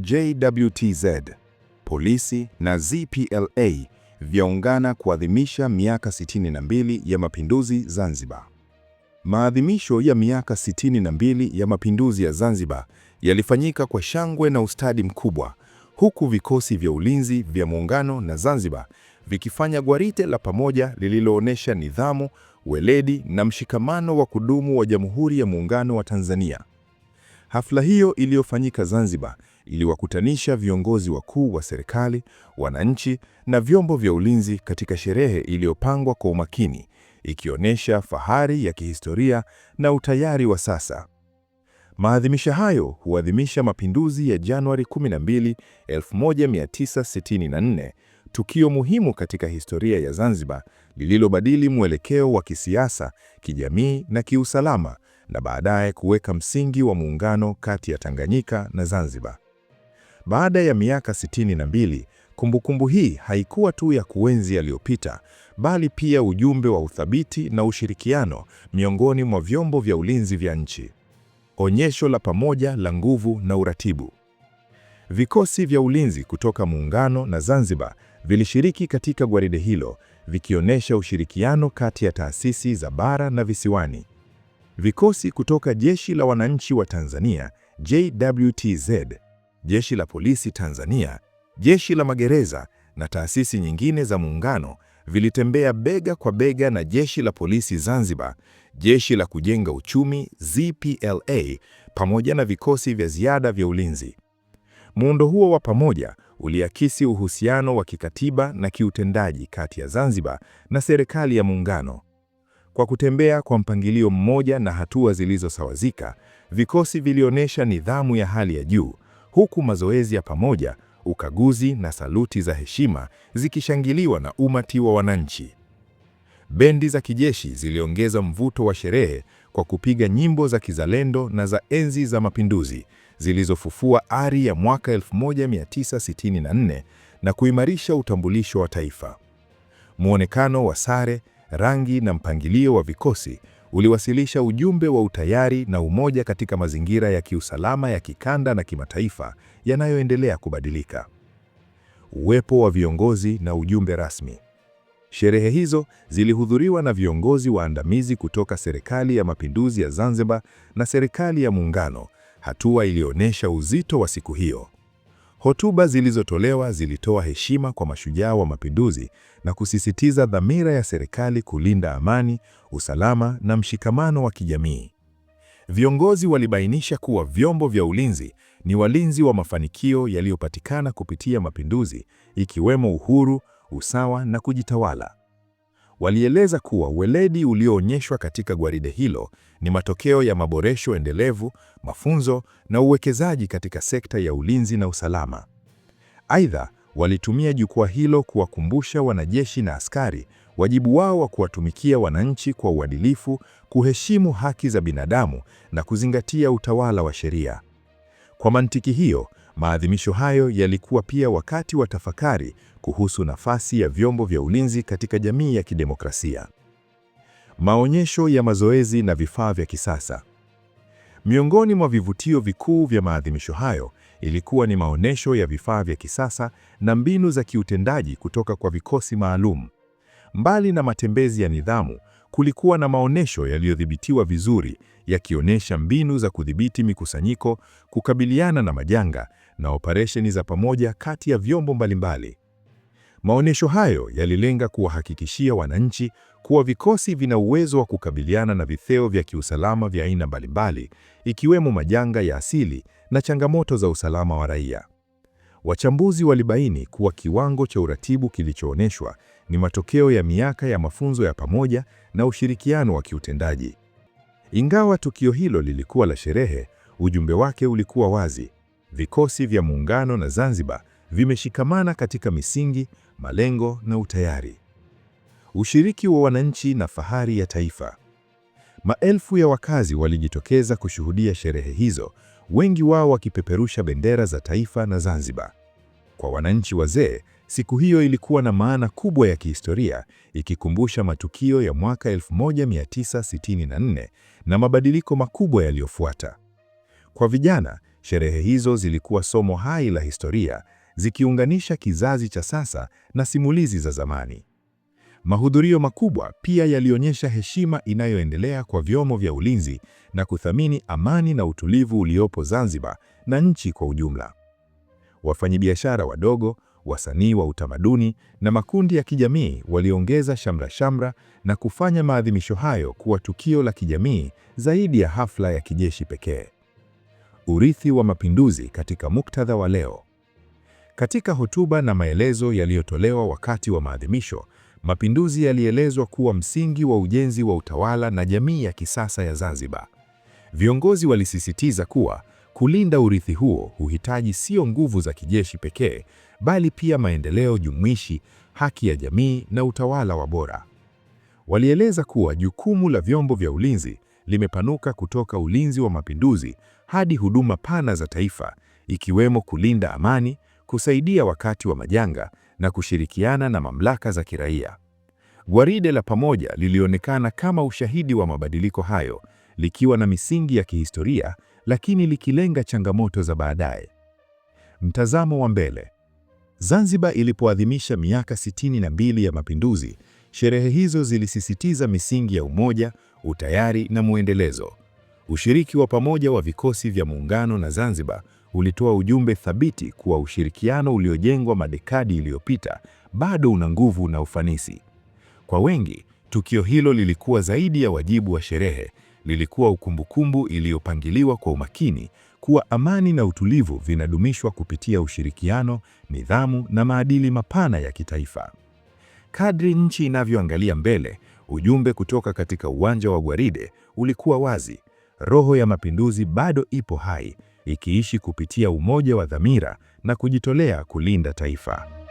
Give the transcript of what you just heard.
JWTZ, polisi na ZPLA vyaungana kuadhimisha miaka 62 ya mapinduzi Zanzibar. Maadhimisho ya miaka 62 ya mapinduzi ya Zanzibar yalifanyika kwa shangwe na ustadi mkubwa, huku vikosi vya ulinzi vya Muungano na Zanzibar vikifanya gwaride la pamoja lililoonyesha nidhamu, weledi na mshikamano wa kudumu wa Jamhuri ya Muungano wa Tanzania. Hafla hiyo iliyofanyika Zanzibar iliwakutanisha viongozi wakuu wa serikali, wananchi na vyombo vya ulinzi katika sherehe iliyopangwa kwa umakini, ikionyesha fahari ya kihistoria na utayari wa sasa. Maadhimisho hayo huadhimisha mapinduzi ya Januari 12, 1964, tukio muhimu katika historia ya Zanzibar lililobadili mwelekeo wa kisiasa, kijamii na kiusalama na baadaye kuweka msingi wa muungano kati ya Tanganyika na Zanzibar. Baada ya miaka sitini na mbili, kumbukumbu hii haikuwa tu ya kuenzi yaliyopita, bali pia ujumbe wa uthabiti na ushirikiano miongoni mwa vyombo vya ulinzi vya nchi. Onyesho la pamoja la nguvu na uratibu. Vikosi vya ulinzi kutoka Muungano na Zanzibar vilishiriki katika gwaride hilo, vikionyesha ushirikiano kati ya taasisi za bara na visiwani. Vikosi kutoka Jeshi la Wananchi wa Tanzania, JWTZ, jeshi la polisi Tanzania, jeshi la magereza na taasisi nyingine za muungano vilitembea bega kwa bega na jeshi la polisi Zanzibar, jeshi la kujenga uchumi ZPLA, pamoja na vikosi vya ziada vya ulinzi. Muundo huo wa pamoja uliakisi uhusiano wa kikatiba na kiutendaji kati ya Zanzibar na serikali ya muungano. Kwa kutembea kwa mpangilio mmoja na hatua zilizosawazika, vikosi vilionyesha nidhamu ya hali ya juu huku mazoezi ya pamoja, ukaguzi na saluti za heshima zikishangiliwa na umati wa wananchi. Bendi za kijeshi ziliongeza mvuto wa sherehe kwa kupiga nyimbo za kizalendo na za enzi za mapinduzi zilizofufua ari ya mwaka 1964 na kuimarisha utambulisho wa taifa. Muonekano wa sare, rangi na mpangilio wa vikosi uliwasilisha ujumbe wa utayari na umoja katika mazingira ya kiusalama ya kikanda na kimataifa yanayoendelea kubadilika. Uwepo wa viongozi na ujumbe rasmi. Sherehe hizo zilihudhuriwa na viongozi waandamizi kutoka Serikali ya Mapinduzi ya Zanzibar na Serikali ya Muungano, hatua iliyoonyesha uzito wa siku hiyo. Hotuba zilizotolewa zilitoa heshima kwa mashujaa wa mapinduzi na kusisitiza dhamira ya serikali kulinda amani, usalama na mshikamano wa kijamii. Viongozi walibainisha kuwa vyombo vya ulinzi ni walinzi wa mafanikio yaliyopatikana kupitia mapinduzi, ikiwemo uhuru, usawa na kujitawala. Walieleza kuwa weledi ulioonyeshwa katika gwaride hilo ni matokeo ya maboresho endelevu, mafunzo na uwekezaji katika sekta ya ulinzi na usalama. Aidha, walitumia jukwaa hilo kuwakumbusha wanajeshi na askari wajibu wao wa kuwatumikia wananchi kwa uadilifu, kuheshimu haki za binadamu na kuzingatia utawala wa sheria. Kwa mantiki hiyo, Maadhimisho hayo yalikuwa pia wakati wa tafakari kuhusu nafasi ya vyombo vya ulinzi katika jamii ya kidemokrasia. Maonyesho ya mazoezi na vifaa vya kisasa. Miongoni mwa vivutio vikuu vya maadhimisho hayo ilikuwa ni maonyesho ya vifaa vya kisasa na mbinu za kiutendaji kutoka kwa vikosi maalum. Mbali na matembezi ya nidhamu, kulikuwa na maonyesho yaliyodhibitiwa vizuri, yakionyesha mbinu za kudhibiti mikusanyiko, kukabiliana na majanga na operesheni za pamoja kati ya vyombo mbalimbali. Maonesho hayo yalilenga kuwahakikishia wananchi kuwa vikosi vina uwezo wa kukabiliana na vitheo vya kiusalama vya aina mbalimbali, ikiwemo majanga ya asili na changamoto za usalama wa raia. Wachambuzi walibaini kuwa kiwango cha uratibu kilichoonyeshwa ni matokeo ya miaka ya mafunzo ya pamoja na ushirikiano wa kiutendaji. Ingawa tukio hilo lilikuwa la sherehe, ujumbe wake ulikuwa wazi. Vikosi vya Muungano na Zanzibar vimeshikamana katika misingi, malengo na utayari. Ushiriki wa wananchi na fahari ya taifa. Maelfu ya wakazi walijitokeza kushuhudia sherehe hizo, wengi wao wakipeperusha bendera za taifa na Zanzibar. Kwa wananchi wazee, siku hiyo ilikuwa na maana kubwa ya kihistoria, ikikumbusha matukio ya mwaka 1964 na mabadiliko makubwa yaliyofuata. Kwa vijana, Sherehe hizo zilikuwa somo hai la historia, zikiunganisha kizazi cha sasa na simulizi za zamani. Mahudhurio makubwa pia yalionyesha heshima inayoendelea kwa vyombo vya ulinzi na kuthamini amani na utulivu uliopo Zanzibar na nchi kwa ujumla. Wafanyabiashara wadogo, wasanii wa utamaduni na makundi ya kijamii waliongeza shamra shamra na kufanya maadhimisho hayo kuwa tukio la kijamii zaidi ya hafla ya kijeshi pekee. Urithi wa mapinduzi katika muktadha wa leo. Katika hotuba na maelezo yaliyotolewa wakati wa maadhimisho, mapinduzi yalielezwa kuwa msingi wa ujenzi wa utawala na jamii ya kisasa ya Zanzibar. Viongozi walisisitiza kuwa kulinda urithi huo huhitaji sio nguvu za kijeshi pekee, bali pia maendeleo jumuishi, haki ya jamii na utawala wa bora. Walieleza kuwa jukumu la vyombo vya ulinzi limepanuka kutoka ulinzi wa mapinduzi hadi huduma pana za taifa, ikiwemo kulinda amani, kusaidia wakati wa majanga na kushirikiana na mamlaka za kiraia. Gwaride la pamoja lilionekana kama ushahidi wa mabadiliko hayo, likiwa na misingi ya kihistoria lakini likilenga changamoto za baadaye. Mtazamo wa mbele. Zanzibar ilipoadhimisha miaka 62 ya mapinduzi, sherehe hizo zilisisitiza misingi ya umoja, utayari na muendelezo. Ushiriki wa pamoja wa vikosi vya Muungano na Zanzibar ulitoa ujumbe thabiti kuwa ushirikiano uliojengwa madekadi iliyopita bado una nguvu na ufanisi. Kwa wengi, tukio hilo lilikuwa zaidi ya wajibu wa sherehe, lilikuwa ukumbukumbu iliyopangiliwa kwa umakini kuwa amani na utulivu vinadumishwa kupitia ushirikiano, nidhamu na maadili mapana ya kitaifa. Kadri nchi inavyoangalia mbele, ujumbe kutoka katika uwanja wa gwaride ulikuwa wazi roho ya mapinduzi bado ipo hai, ikiishi kupitia umoja wa dhamira na kujitolea kulinda taifa.